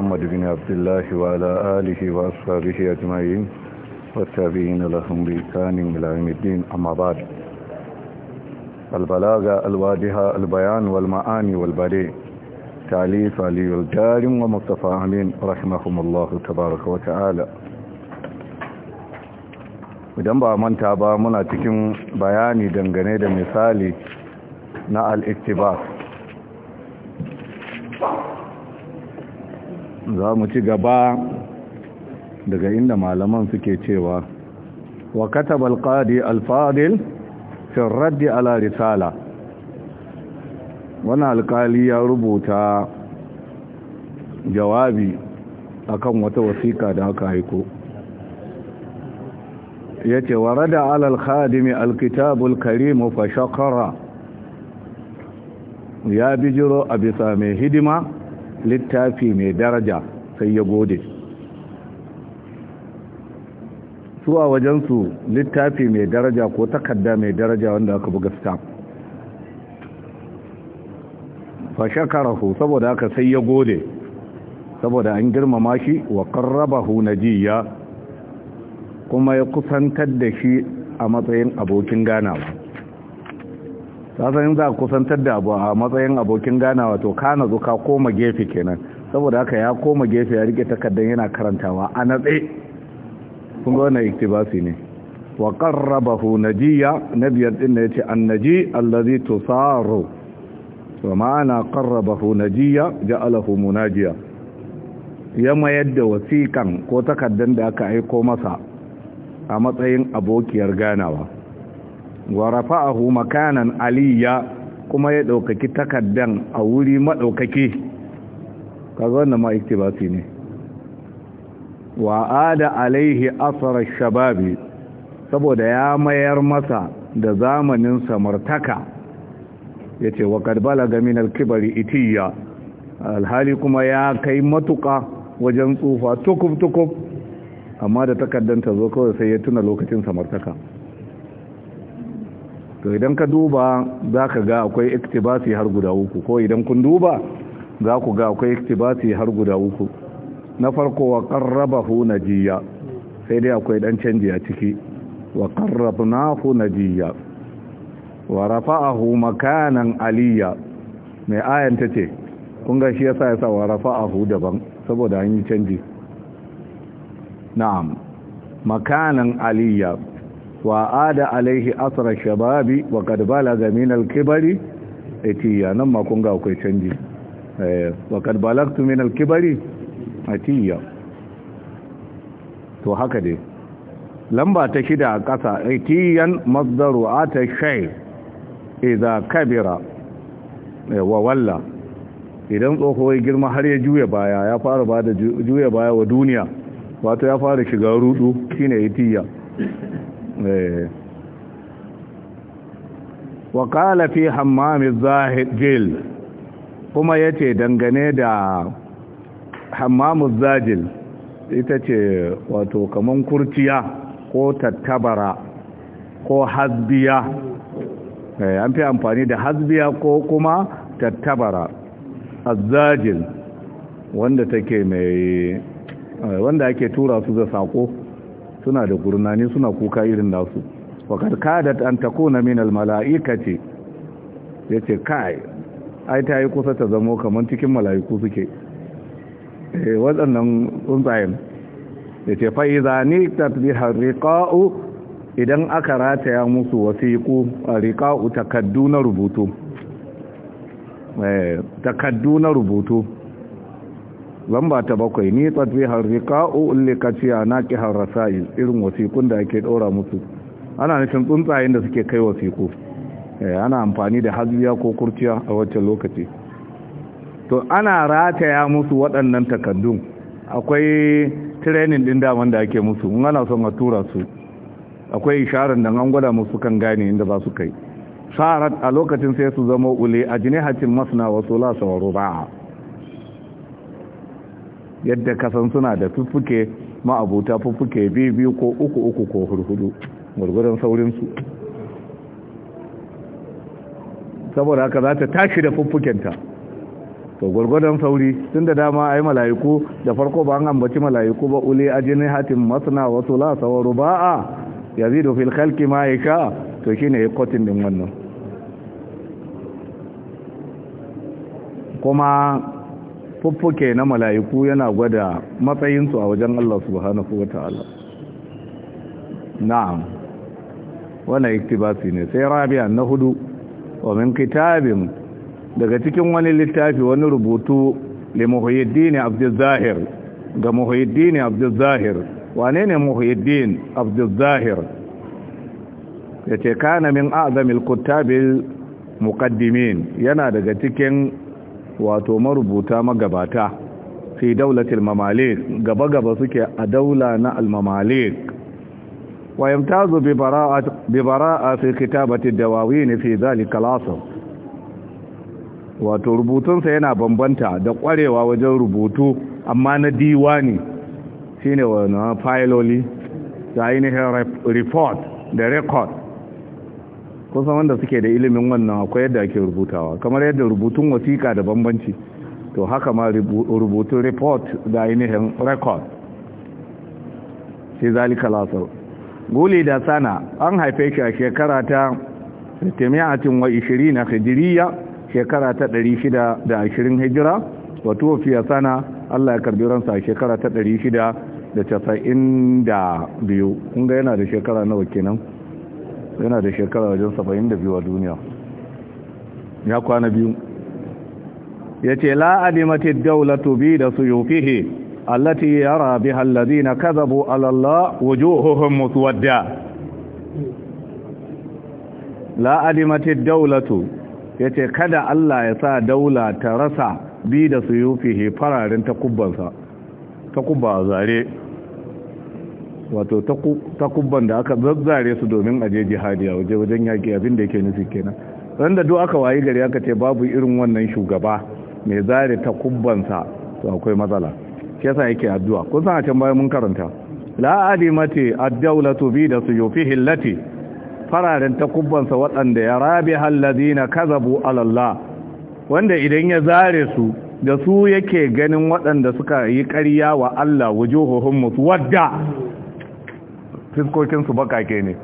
محمد بن عبد الله وعلى آله وأصحابه أجمعين والتابعين لهم بإحسان إلى يوم الدين أما بعد البلاغة الواضحة البيان والمعاني والبديع تعليف علي الجارم ومصطفى أمين رحمهم الله تبارك وتعالى idan ba manta ba muna cikin bayani dangane da misali na al-iktibas za mu ci gaba daga inda malaman suke cewa wa kataba alqadi alfadil fi raddi ala risala wani alkali ya rubuta jawabi akan wata wasiƙa da aka haiko ya ce wa rada alal khadimi alkitabul karimu fa shakara ya bijiro a bisa mai hidima littafi mai daraja sai ya gode su a wajensu littafi mai daraja ko takarda mai daraja wanda aka buga stamp fa ku saboda haka sai ya gode saboda an girmama shi wa qarrabahu najiya kuma ya kusantar da shi a matsayin abokin ganawa kasan za a kusantar da abu a matsayin abokin ganawa to kana zo ka koma gefe kenan saboda haka ya koma gefe ya rike takardar yana karantawa a natse kun ga wannan iktibasi ne wa qarrabahu najiya nabiyar din ne yace annaji allazi tusaru wa ma'ana qarrabahu najiya ja'alahu munajiya ya mayar da wasikan ko takardar da aka aiko masa a matsayin abokiyar ganawa wa rafa'ahu makanan aliyya kuma ya daukaki takaddan a wuri madaukake kaza wannan ma iktibasi ne wa ada alaihi Asarar shababi saboda ya mayar masa da zamanin samartaka yace wa kad balaga min al-kibri itiya alhali kuma ya kai matuka wajen tsufa tukuf-tukuf. amma da takaddanta zo kawai sai ya tuna lokacin samartaka to idan ka duba za ka ga akwai iktibasi har guda uku ko idan kun duba za ku ga akwai iktibasi har guda uku na farko wa na jiya sai dai akwai dan canji a ciki wa na jiya wa hu makanan aliyya mai ayanta ce kun ga shi yasa yasa wa hu daban saboda an yi canji na'am makanan aliyya وعاد عليه اثر الشباب وقد بلغ من الكبر اتيا نما كونغا akwai تشنجي وقد بلغت من الكبر اتيا تو هكا دي لمبا ta shida a ƙasa مصدر ات الشيء اذا كبر وولى idan tsoho ya girma har ya juya baya ya fara ba da juya baya wa duniya wato ya fara shiga rudu shine itiya Eh. wa qala fi hammami az-zahid kuma yace dangane da hammam az-zajil ita ce wato kaman kurciya ko tattabara ko hasbiya eh, an fi amfani da hasbiya ko kuma tattabara azajil wanda take mai eh, wanda ake tura su da sako suna da gurnani suna kuka irin nasu wakar kadat an takuna min almala'ikati ce kai ai ta yi kusa ta zamo kamar cikin mala'iku suke eh, waɗannan tsuntsayen ce fa zane ta fi harika'u idan aka rataya musu wasiku. Rika'u takaddu na rubutu eh, takaddu na rubutu lamba ta bakwai ni kaciya na ullikaciya naqi harasa'il irin wasikun da ake ɗora musu ana nufin tsuntsayen da suke kai wasiku eh, ana amfani da hazbiya ko kurciya a wacce lokaci to ana rataya musu waɗannan takaddun akwai training din daman da ake musu in ana son a tura su akwai isharar da an gwada musu kan gane inda za su kai sarat a lokacin sai su zama ule a jinihatin masna wasu lasa wa ruba'a yadda kasan suna da fuffuke ma'abuta fuffuke biyu ko uku uku ko hurhudu gurgudan saurinsu saboda haka za ta tashi da fuffukenta to gurgudan sauri tun da dama ai mala'iku da farko ba an ambaci mala'iku ba uli a jini hatin wasu lasawaru ba a yanzu da fil khalqi ma yaka to shine kotun din wannan kuma fuffuke na mala'iku yana gwada matsayinsu a wajen Allah subhanahu wa ta'ala na'am wannan iktibasi ne sai rabia na hudu wa min kitabin daga cikin wani littafi wani rubutu li muhyiddin zahir ga muhyiddin zahir wane ne muhyiddin Ya yace kana min a'zamil kuttabil muqaddimin yana daga cikin wato marubuta magabata fi daulatil mamalik gaba-gaba suke a daula na almamalik wa yamtazu bi bara'a fi kitabati dawawin fi zalika wato wato rubutunsa yana bambanta da kwarewa wajen rubutu amma na diwani shine wannan filoli da ainihin report da record kusan wanda suke da ilimin wannan akwai yadda ake rubutawa kamar yadda rubutun wasiƙa da bambanci to haka ma rubutun report da ainihin record sai zalika lasar guli da sana an haife shi a shekara ta 620 na hijiriya shekara ta 620 hijira wato fiye sana allah ya karbi ransa a shekara ta 692 kun yana da shekara nawa kenan yana da shekara wajen saba'in da biyu a duniya ya kwana biyu ya ce la'adimatin daulatu bi da su yufihe allati ya rabi hallazi na kazabu alallah wujuhuhun musuwadda la'adimatin daulatu ya ce kada Allah ya sa daula ta rasa bi da su yufihe fararen takubbansa takubba a zare wato takubban da aka zazzare su domin aje jihadi a waje wajen yaƙi abin da yake nufi kenan ran da duk aka wayi gari aka ce babu irin wannan shugaba mai zare takubbansa to akwai matsala shi yake addu'a kun san a can bayan mun karanta la adimati ad-dawlatu bi da suyufihi allati fararen takubbansa waɗanda ya rabi halladina kazabu alallah wanda idan ya zare su da su yake ganin waɗanda suka yi ƙarya wa Allah wujuhuhum muswadda fiskokinsu bakake ne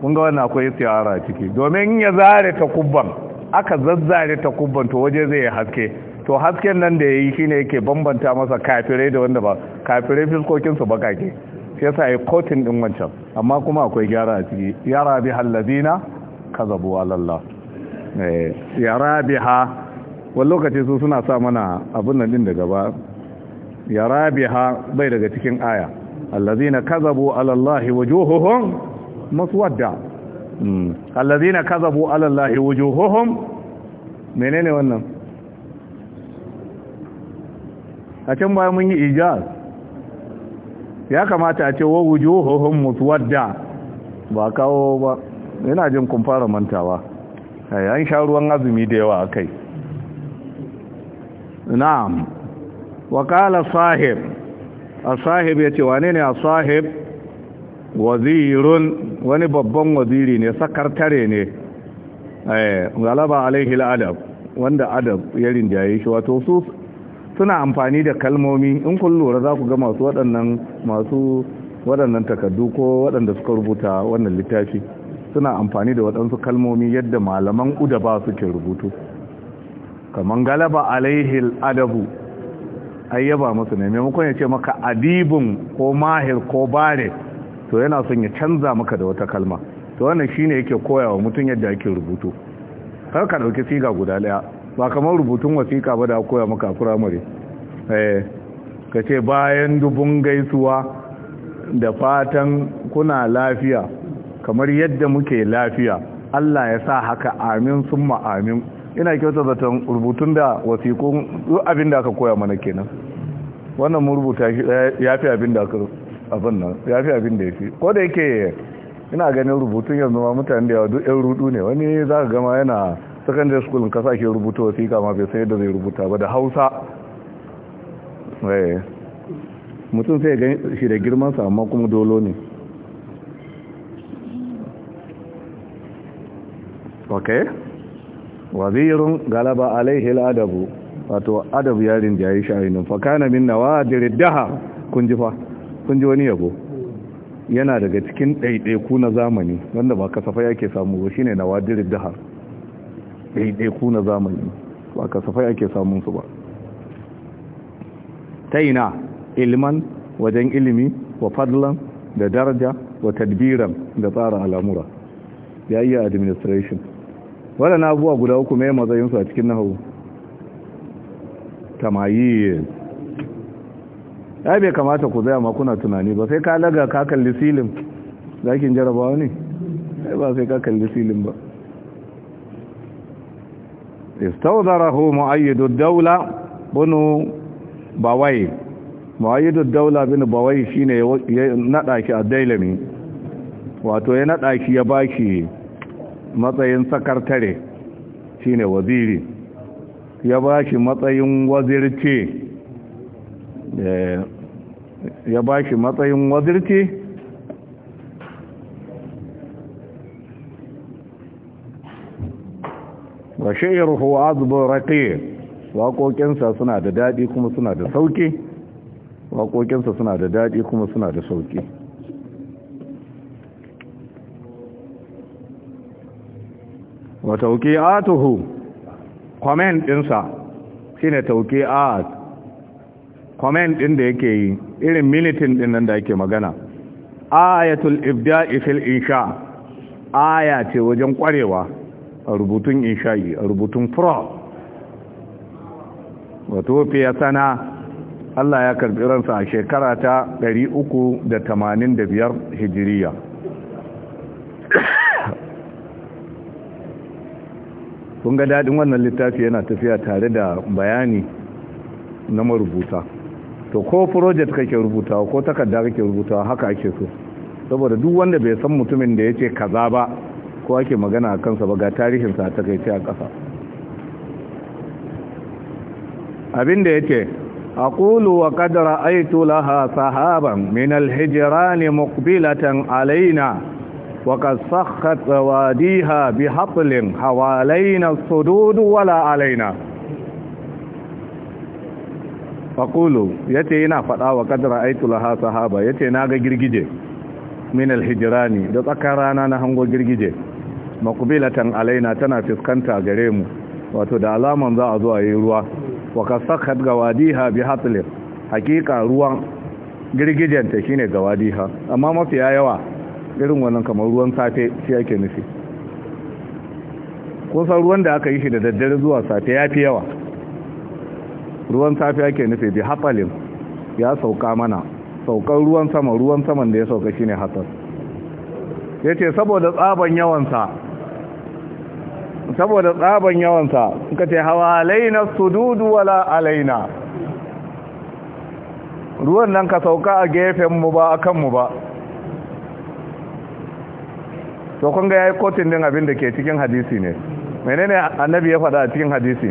kun ga wannan akwai istiyara ciki domin ya zare ta kubban aka zazzare ta kubban to waje zai haske to hasken nan da ya yi shi ne yake bambanta masa kafirai da wanda ba kafirai fiskokinsu bakake sai sa yi kotun din wancan amma kuma akwai gyara a ciki yara bi ka kazabu alallah eh, yara bi ha wani lokaci su suna sa mana abin nan din da gaba yara ha bai daga cikin aya الذين كذبوا على الله وجوههم مسودة الذين كذبوا على الله وجوههم Menene wannan a can mun yi ijaz ya kamata a ce wa wujuhuhum muswadda ba kawo ba yana jin kun fara mantawa an sha ruwan azumi da yawa akai na'am wa qala sahib asahib ya ce wane ne asahib wazirun wani babban waziri ne sakartare ne eh, galaba alaihi al'adab wanda adab ya rinjaye shi wato su suna amfani da kalmomi in kun lura za ku ga masu waɗannan masu waɗannan takardu ko waɗanda suka rubuta wannan littafi suna amfani da waɗansu kalmomi yadda malaman udaba suke rubutu kamar galaba alaihi al'adabu ai yaba masu ne maimakon ya ce maka adibin ko mahir ko bare to yana son ya canza maka da wata kalma to wannan shine yake koya wa mutum yadda ake rubutu kar ka dauki siga guda daya ba kamar rubutun wasiƙa ba da koya maka a firamare eh ka ce bayan dubun gaisuwa da fatan kuna lafiya kamar yadda muke lafiya Allah ya sa haka amin summa amin ina kyauta zaton rubutun da wasiƙun abin da aka koya mana kenan wannan mun rubuta shi ya fi abin da aka abin nan ya fi abin da ya fi ko da yake ina ganin rubutun yanzu ma mutane da yawa duk yan rudu ne wani za ka gama yana secondary school ka sake rubuta wasika ma bai san yadda zai rubuta ba da hausa eh, mutum sai gani shi da sa amma kuma dolo ne okay wazirin galaba alaihi al'adabu wato adabu ya rinjaye shi ainihin fakana min nawadir daha kun ji wani yabo yana daga cikin ɗaiɗaiku na zamani wanda ba kasafai ake samu ba shine nawadir daha ɗaiɗaiku na zamani ba kasafai ake samun su ba ta ina ilman wajen ilimi wa fadlan da daraja wa tadbiran da tsara al'amura ya iya administration na abuwa guda uku mai matsayinsu a cikin nahu. tamayiz ya bai kamata ku zai makuna tunani ba sai ka laga ka kalli silin zakin jarabawa ne sai ba sai ka kalli silin ba istaudarahu mu'ayyidu daula bunu bawai mu'ayyidu daula bin bawai shine ya nada shi a dailami wato ya nada shi ya baki matsayin sakartare shine waziri ya ba shi matsayin wazirce eh, ya ba shi matsayin wazirce wa shi'iruhu azbun waƙoƙinsa suna da daɗi kuma suna da sauƙi waƙoƙinsa suna da daɗi kuma suna da sauƙi wa tauqi'atuhu comment dinsa shine tauqi'at comment din da yake yi irin militin din nan da yake magana ayatul ibda'i fil insha aya ce wajen kwarewa a rubutun insha'i a rubutun pro wato fiye sana Allah ya karbi ransa a shekara ta 385 hijiriya kun ga daɗin wannan littafi yana tafiya tare da bayani na marubuta to ko project kake rubutawa ko takarda kake rubutawa haka ake so saboda duk wanda bai san mutumin da ya yace kaza ba ko ake magana a kansa ba ga tarihinsa ta kai a ƙasa abinda yace aqulu wa qad ra'aytu laha sahaban min al muqbilatan alaina وقد سخت رواديها بحطل حوالينا الصدود ولا علينا faƙulu ya ce yana faɗawa wa ƙadar aitula ha sahaba ya ce na ga girgije min alhijirani da tsakar rana na hango girgije makubilatan alaina tana fuskanta gare mu wato da alaman za a zuwa yi ruwa wa kasakat gawadiha bi hatlin hakika ruwan girgijenta shine gawadiha amma mafiya yawa irin wannan kamar ruwan safe shi ake nufi kusan ruwan da aka yi shi da daddare zuwa safe ya fi yawa ruwan safe ake nufi bi hatsalin ya sauka mana saukar ruwan sama ruwan saman da ya sauka shi ne yace ya ce saboda tsaban yawansa saboda tsaban yawansa suka ce hawa alaina sududu wala alaina ruwan nan ka sauka a gefenmu ba a kanmu ba to kun ga yayi kotin din abin da ke cikin hadisi ne menene annabi ya faɗa a cikin hadisi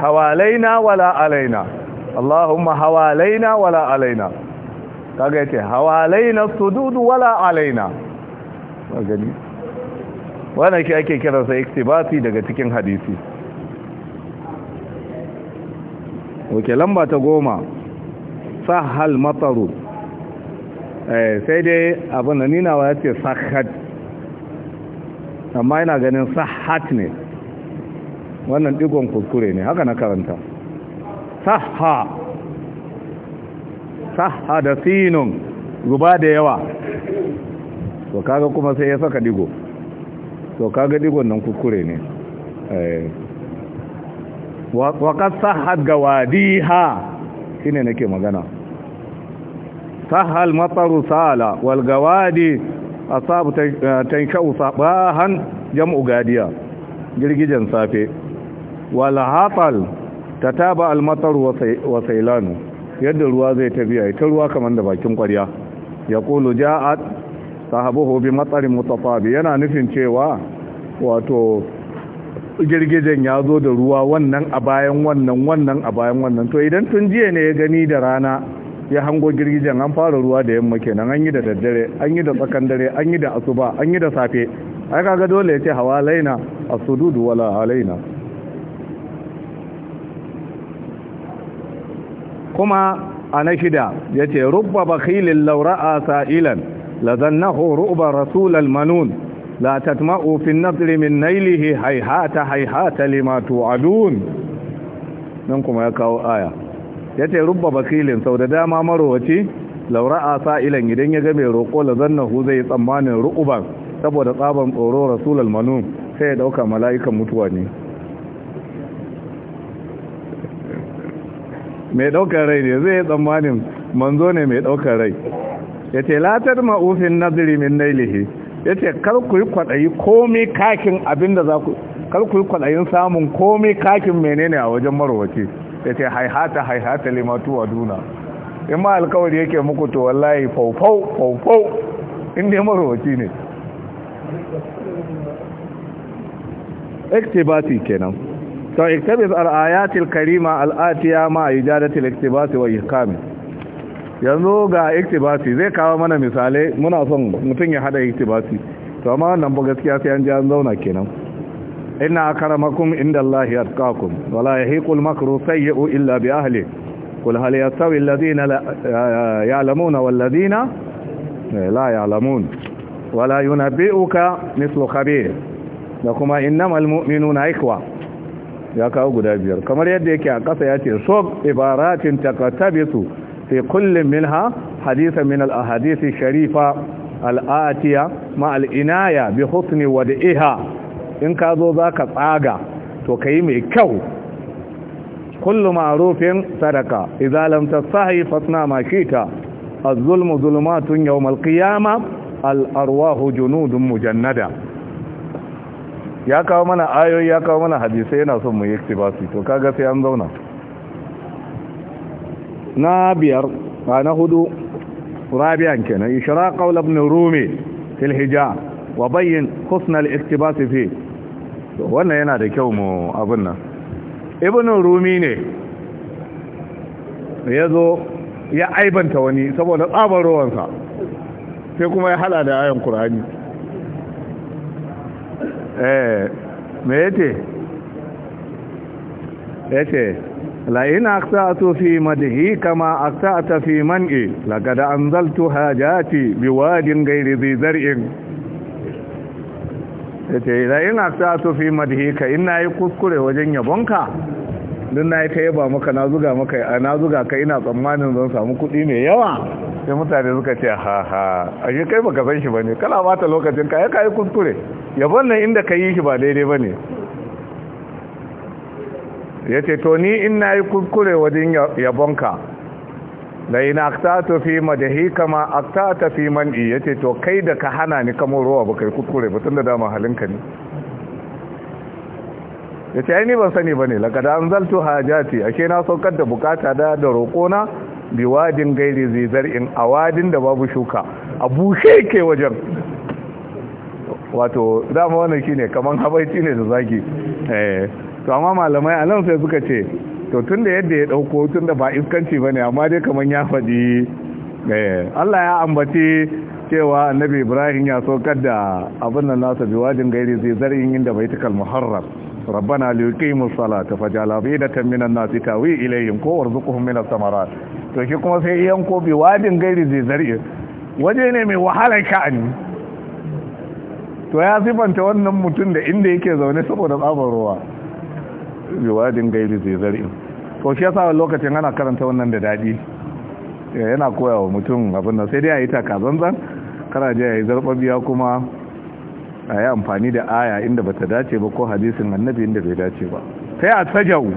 hawalaina wala alaina Allahumma hawalaina wala alaina kaga yace hawalaina sududu wala alaina magani wannan shi ake kira sa iktibasi daga cikin hadisi Oke lamba ta goma sahal mataru Eh, sai dai abin da ninawa ya ce sahat amma yana ganin sahat ne wannan digon kuskure ne haka na karanta saha saha da sinun zuba da yawa to kaga kuma sai ya saka digo to kaga digon nan kuskure ne eh. wa ga sahat ha shine nake magana sahal matsaru sala wal gawadi asabu tankau sabahan jam'u gadiya girgijen safe wal hatal tataba al mataru wa sailanu yadda ruwa zai tafiya ita ruwa kamar da bakin kwarya ya kulu ja'at sahabuhu bi matsarin mutafabi yana nufin cewa wato girgijen ya zo da ruwa wannan a bayan wannan wannan a bayan wannan to idan tun jiya ne ya gani da rana ya hango girgijen an fara ruwa da yamma kenan an yi da daddare an yi da tsakan dare an yi da asuba an yi da safe ai kaga dole ya ce hawa laina asududu wala alaina kuma a na shida ya ce rubba bakilin laura'a sa'ilan lazannahu ru'ba rasulal manun la tatma'u fi nadri min nailihi haihata haihata lima tu'adun nan kuma ya kawo aya ya ce rubba bakilin sau da dama marowaci a sa'ilan idan ya ga roƙo da la hu zai tsammanin ru'uban saboda tsaban tsoro rasulul manun sai ya dauka mala'ikan mutuwa ne mai daukar rai ne zai tsammanin manzo ne mai daukar rai ya ce latar ma'ufin naziri min nailihi ya ce ku yi kwaɗayi komi kakin abinda za ku ku kwaɗayin samun komi kakin menene a wajen marowaci ya ce haihata haihata limatu wa duna in ma alkawari yake muku to wallahi faufau faufau in ne marwaci ne ektibati kenan to ektibis al-ayatil al'atiya al-atiya ma ijadatil iktibasi wa ihkami yanzu ga ektibati zai kawo mana misalai muna son mutum ya hada ektibati to amma wannan ba gaskiya sai an ji an zauna kenan inna akramakum indallahi atqakum wala ya yahiqul makru sayyi'u illa bi ahli qul hal yastawi alladhina ya'lamuna wal ladhina la lamun? wala yunabbi'uka mithlu khabir da kuma innamal mu'minuna ikhwa ya kawo guda biyar kamar yadda yake a ƙasa ya ce sob ibaratin takatabisu fi kullum min ha hadisa min al sharifa al-atiya ma al-inaya bi husni wad'iha in ka zo za ka tsaga to ka yi mai kyau kullu ma'arufin sadaka idza lam tasahi fasna ma shita az-zulmu zulumatun yawm al-qiyama al-arwahu junudun mujannada ya kawo mana ayoyi ya kawo mana hadisai yana son mu yi iktibasi to kaga sai an zauna na biyar na hudu rabi'an kenan ishara qawl ibn rumi fil hijab wa bayyin husn al-iktibas fihi wannan yana da kyau mu abin nan ibinin rumi ne ya zo ya aibanta wani saboda tsabar ruwansa, sai kuma ya hada da ayon kur'ani eh me yake yake la in aqta'tu fi madhi kama aqta'ta fi man'i zaltu anzaltu hajati biwadin ghairi zai zar'in ta yi ina sa su fi madhika ina yi kuskure wajen yabonka don na yi ta yaba maka na zuga maka na zuga ka ina tsammanin zan samu kuɗi mai yawa sai mutane suka ce ha ha a shi kai baka san shi ba ne kala bata lokacin ka ya kayi kuskure yabon nan inda ka yi shi ba daidai ba ne ya ce to ni in na yi kuskure wajen yabonka da ina aktatu fi madahi kama ta fi man'i ce to kai da ka hana ni kamar ruwa ba kai kukure ba tunda dama halinka ne yace ai ni ban sani bane zalto anzaltu hajati ashe na saukar da bukata da da roƙona biwadin gairi zizar in awadin da babu shuka a bushe ke wajen wato dama wannan shine kaman habaici ne da zagi eh to amma malamai a nan sai suka ce to tun da yadda ya dauko tun da ba iskanci ne amma dai kamar ya faɗi eh, Allah ya ambaci cewa annabi Ibrahim ya so da abin nan nasa wajin gairi zai zarin inda baitul muharram ربنا ليقيموا الصلاة فجعل minan nasi tawi ilayhim ko warzuquhum من الثمرات to shi kuma sai yanko bi wajin gairi zai zarin waje ne mai wahalar sha'ani to ya sifanta wannan mutum da inda yake zaune saboda tsabar ruwa bi wajin gairi zai zarin to shi yasa lokacin ana karanta wannan da daɗi eh, yana koya wa mutum abin da sai dai a yi taka zanzan kana je a yi zarbabiya kuma a yi amfani da aya inda ba ta dace ba ko hadisin annabi inda bai dace ba sai a sajau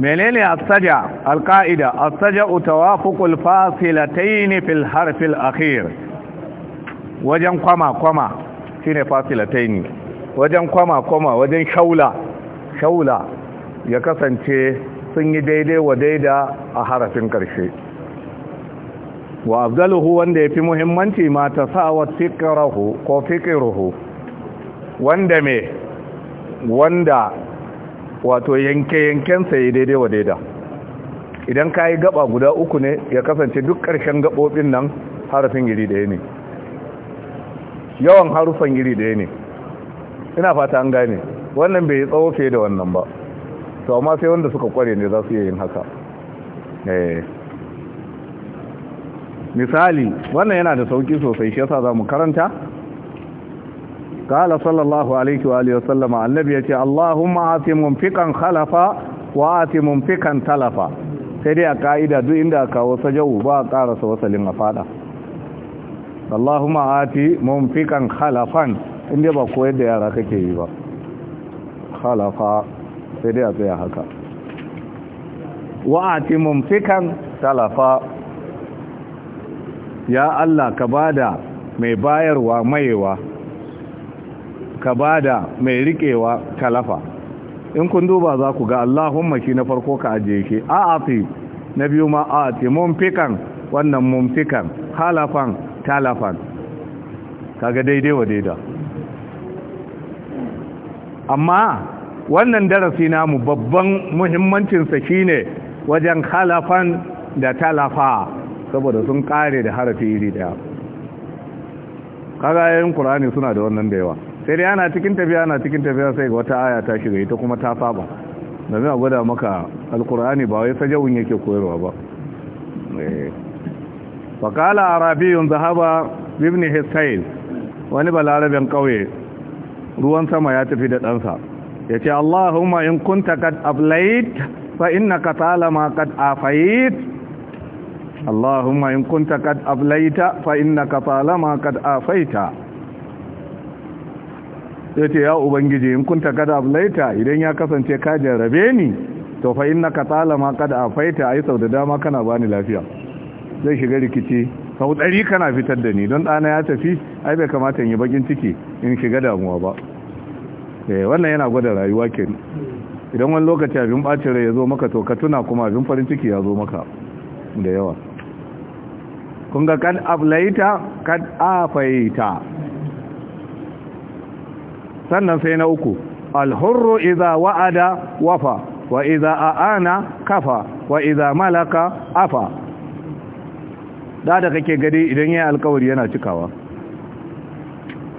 menene saja utawa fukul fasilatai ne fil harfil akhir wajen kwama kwama shine ne wajen kwama kwama wajen shaula shaula ya kasance sun yi daidai wa daida a harafin ƙarshe wa abdalluhu wanda ya fi muhimmanci ma ta sa wa fikirahu ko fikirahu wanda me wanda wato yanke-yankensa ya daidai wa daida idan ka yi gaba guda uku ne ya kasance duk ƙarshen gaɓoɓin nan harafin iri ɗaya ne yawan harufan iri ɗaya ne ina fata an gane wannan bai tsawo fiye da wannan ba to amma sai wanda suka kware ne za su yi yin haka eh. misali wannan yana da sauki sosai shi yasa za mu karanta kala sallallahu alaihi wa alaihi wasallama annabi ya ce allahumma ati mumfikan khalafa wa ati mumfikan talafa sai dai a ka'ida duk inda a kawo sajau ba a karasa wasalin a fada allahumma ati mumfikan khalafan inda ba koyar da yara kake yi ba khalafa sai dai a tsaya haka wa'ati mumfikan talafa ya Allah ka bada mai bayarwa mayewa ka bada mai riƙewa talafa in kun duba za ku ga Allahumma shi na farko ka ajiye shi fi na biyu ma a'ati mumfikan wannan mumfikan halafan talafan kaga daidai wa daida amma wannan darasi namu babban muhimmancinsa shine wajen halafan da talafa saboda sun kare da harafi iri daya kagayen kur'ani suna da wannan da yawa sai dai ana cikin tafiya ana cikin tafiya sai ga wata aya ta shiga ita kuma ta saba domin a gwada maka alkur'ani ba wai sajawun yake koyarwa ba eh. fakala arabiyun zahaba ibn hisail wani balarabin kauye ruwan sama ya tafi da ɗansa yace Allahumma in kunta kad ablait fa innaka talama kad afayit Allahumma in kunta kad ablaita fa ka talama qad afaita yace ya ubangiji in kunta kad ablaita idan ya kasance ka jarrabe ni to fa innaka talama qad afaita yi sau da dama kana bani lafiya zai shiga rikici sau ɗari kana fitar da ni don ɗana ya tafi ai bai kamata in yi bakin ciki in shiga damuwa ba Eh, wannan yana gwada rayuwa ke idan wani lokaci abin bacin rai ya zo maka to ka tuna kuma abin farin ciki ya zo maka da yawa kun ga kan ablaita kan afaita sannan sai na uku alhurru iza wa'ada wafa wa iza a'ana kafa wa iza malaka afa da da kake gari idan yayi alkawari yana cikawa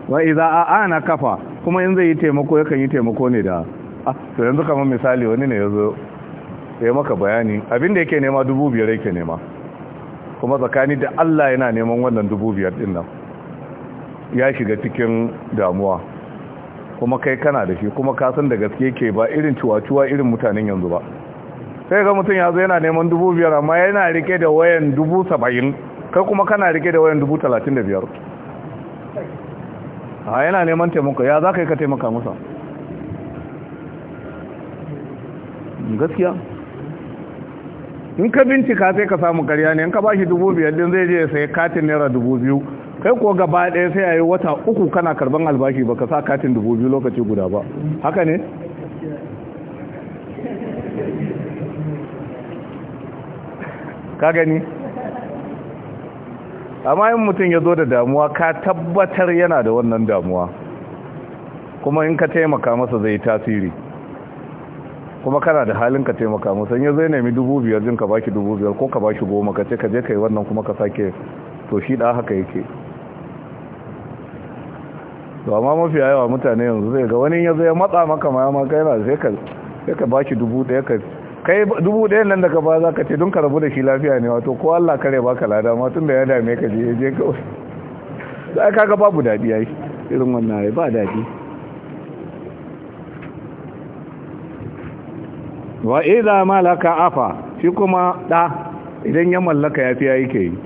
wa iza a'ana kafa kuma in zai yi taimako yakan yi taimako ne da a ah, to yanzu kamar misali wani ne ya zo ya maka bayani abinda yake nema dubu biyar yake nema kuma tsakani da Allah yana neman wannan dubu biyar din nan ya shiga cikin damuwa kuma kai kana da shi kuma ka san da gaske ke ba irin cuwa-cuwa irin mutanen yanzu ba sai ga mutum ya zo yana neman dubu biyar amma yana rike da wayan dubu saba'in kai kuma kana rike da wayan dubu talatin da biyar a yana neman taimako ya za ka yi ka taimaka masa gaskiya in ka bincika sai ka samu karya ne in ka ba shi dubu biyar din zai je ya sayi katin naira dubu biyu kai ko gaba ɗaya sai a yi wata uku kana karban albashi ba ka sa katin dubu biyu lokaci guda ba haka ne ka gani amma in mutum ya zo da damuwa ka tabbatar yana da wannan damuwa kuma in ka taimaka masa zai tasiri kuma kana da halin ka taimaka masa in ya zai nemi dubu biyar jin ka baki dubu biyar ko ka baki goma ka ce ka je ka yi wannan kuma ka sake to shi da haka yake to amma mafi yawa mutane yanzu zai ga wani ya zai matsa maka ma ya maka yana sai ka baki dubu daya ka kai dubu ɗayan nan da ka ba za ka ce don ka rabu da shi lafiya ne wato ko Allah kare ka lada ma tun da ya dame ka je je wasu za ka ga babu daɗi yi irin wannan ya ba daɗi wa idza malaka afa shi kuma ɗa idan ya mallaka ya yayi ke yi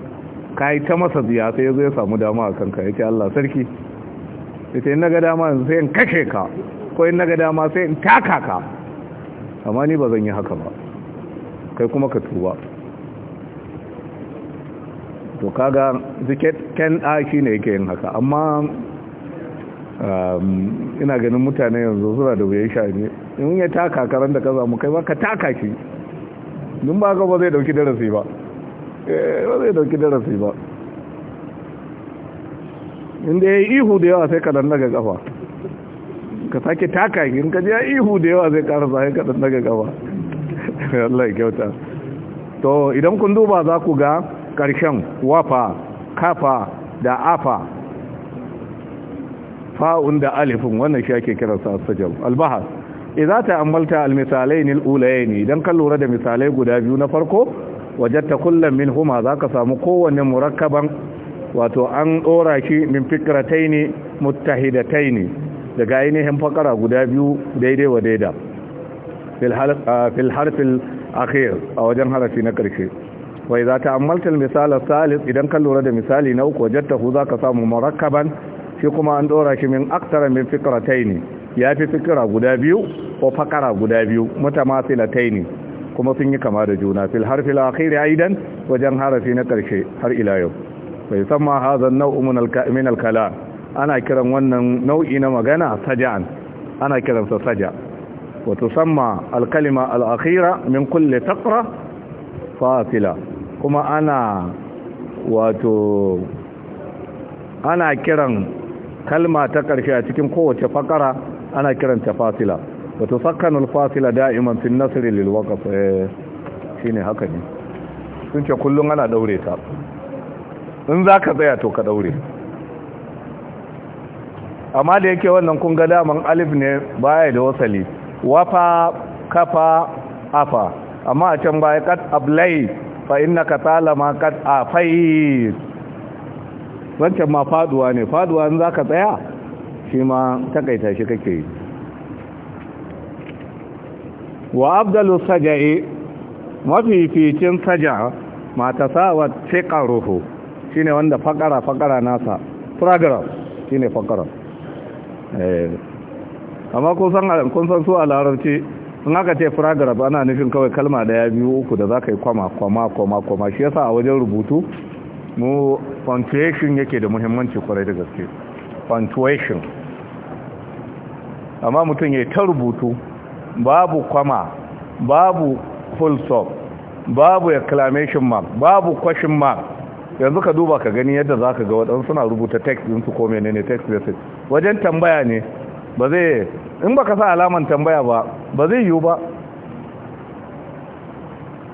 ka yi ta masa ziya sai zai samu dama a kanka ya ce Allah sarki yi na ga dama sai in kashe ka ko na ga dama sai in taka ka amma ni ba zan yi haka ba kai kuma ka tuba to kaga a shi ne yake yin haka amma um, ina ganin mutane yanzu suna da wuyan sha'ani in ya taka karan da ka zamu kai ba ka taka shi dun ba ga ba zai dauki darasi ba eh, ba zai dauki darasi ba inda ya yi ihu da yawa sai ka danna ga kafa ka sake taka in ka ya ihu da yawa zai kara sa kaɗan daga gaba Allah ya kyauta to idan kun duba za ku ga ƙarshen wafa kafa da afa fa'un da alifin wannan shi ake kiransa sajal albahas almisalai ta'ammalta ulaye ne, idan kan lura da misalai guda biyu na farko kullum min huma za ka samu kowane murakkaban wato an dora shi min fikrataini ne. daga ainihin fakara guda biyu daidai wa daida fil akhir a wajen harafi na karshe wai za ta ammalta misalar salis idan kan lura da misali na uku wajattahu za ka samu marakaban. shi kuma an dora shi min aktara min ta ne ya fi fikira guda biyu ko fakara guda biyu mutamatsilatai ne kuma sun yi kama da juna filharfil akhir ya idan wajen harafi na karshe har ila yau bai san ma hazan ana kiran wannan nau'i na magana saja'an ana kiransa saja wa tusamma alkalima al'akhira min kulle taqra fasila kuma ana wato ana kiran kalma ta ƙarshe a cikin kowace fakara ana kiranta fasila wato sakkanul fasila da'iman fi nasri lil waqf eh, shine haka ne sun kullun ana daure ta in zaka tsaya to ka daure amma da yake wannan kun ga daman alif ne baya da wasali wafa kafa afa amma a can baya kat ablai fa innaka talama kat afai wancan ma faduwa ne faduwa za zaka tsaya shi ma takaita shi kake yi wa abdalu saja'i mafificin saja mata sawat shi shine wanda fakara fakara nasa paragraph shine fakara Eh. amma kun san su a larabci in aka ce paragraph ana nufin kawai kalma daya biyu uku da za ka yi kwama kwama kwama kwama shi yasa a wajen rubutu mu punctuation yake da muhimmanci kwarai da gaske punctuation amma mutum ya ta rubutu babu kwama babu full stop babu exclamation mark babu question mark yanzu ka duba ka gani yadda za ka ga waɗansu suna rubuta text ɗinsu ko ne text message wajen tambaya ne ba zai in ba ka sa alaman tambaya ba ba zai yiwu ba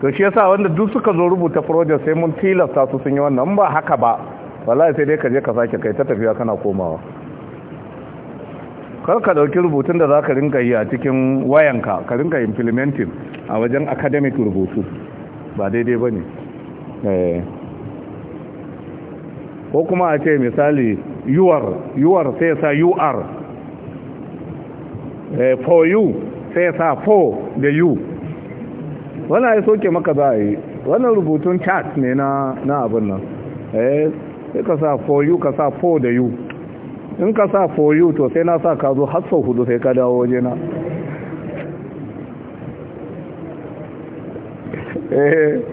to shi yasa wanda duk suka zo rubuta project sai mun tilasta su sun yi wannan ba haka ba wallahi sai dai ka je ka sake kai ta tafiya kana komawa kar ka dauki rubutun da za ka rinka yi a cikin wayanka ka rinka implementing a wajen academic rubutu ba daidai bane eh ko kuma a ce misali yuwar yuwar sai sa ur eh, for you sai sa for da you wannan ya soke maka za a yi wannan rubutun chat ne na abin nan eh sai ka sa for you ka sa for da you in ka sa for you to sai na sa ka zo har hudu sai ka dawo waje na eh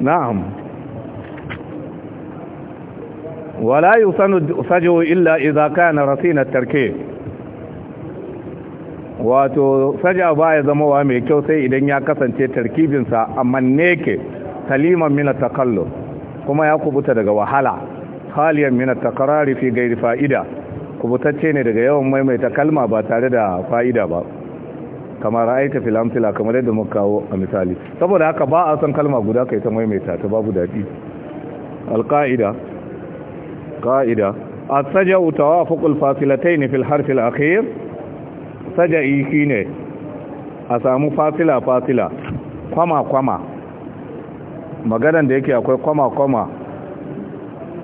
na'am wala yusanu sajo illa izaka na rasina tarke wato saja baya zama wa mai kyau sai idan ya kasance tarkibinsa amma neke saliman min takallo kuma ya kubuta daga wahala haliyan min takrari fi gairi fa'ida kubutacce ne daga yawan maimaita kalma ba tare da fa'ida ba kamar ra'aita fil amsila kamar yadda muka kawo a misali saboda haka ba a san kalma guda kai ta maimaita ta babu daɗi alqaida القائدة السجع توافق الفاصلتين في الحرف الأخير سجعي كيني أسامو فاصلة فاصلة kwama kwama maganan da yake akwai kwama kwama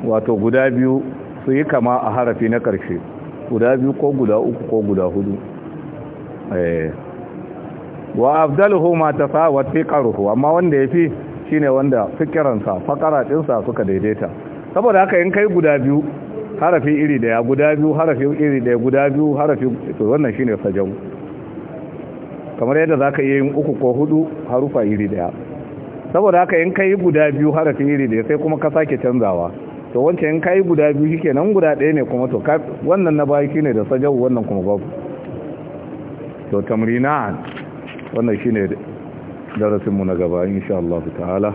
wato guda biyu su yi kama a harafi na karshe guda biyu ko guda uku ko guda hudu wa afdaluhu ma tafawat fiqruhu amma wanda yafi shine wanda fikiransa faƙara ɗinsa suka daidaita saboda haka in kai guda biyu harafi iri daya guda biyu harafi iri daya guda biyu harafi to wannan shine sajau kamar yadda zaka iya yin uku ko hudu harufa iri daya saboda haka in kai guda biyu harafi iri daya sai kuma ka sake canzawa to wancan in kai guda biyu shikenan guda daya ne kuma to wannan na baki ne da sajau wannan kuma babu to tamrinan wannan shine darasinmu na gaba insha Allah ta'ala